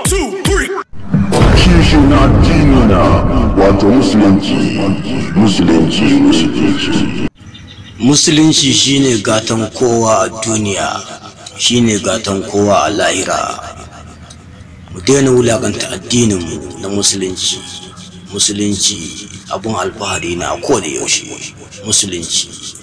One, shi musulunci musulunci shine gatan kowa a duniya shine gatan kowa a lahira. Mu daina wulakanta addininmu na musulunci. Musulunci abin alfahari na a yaushe musulunci.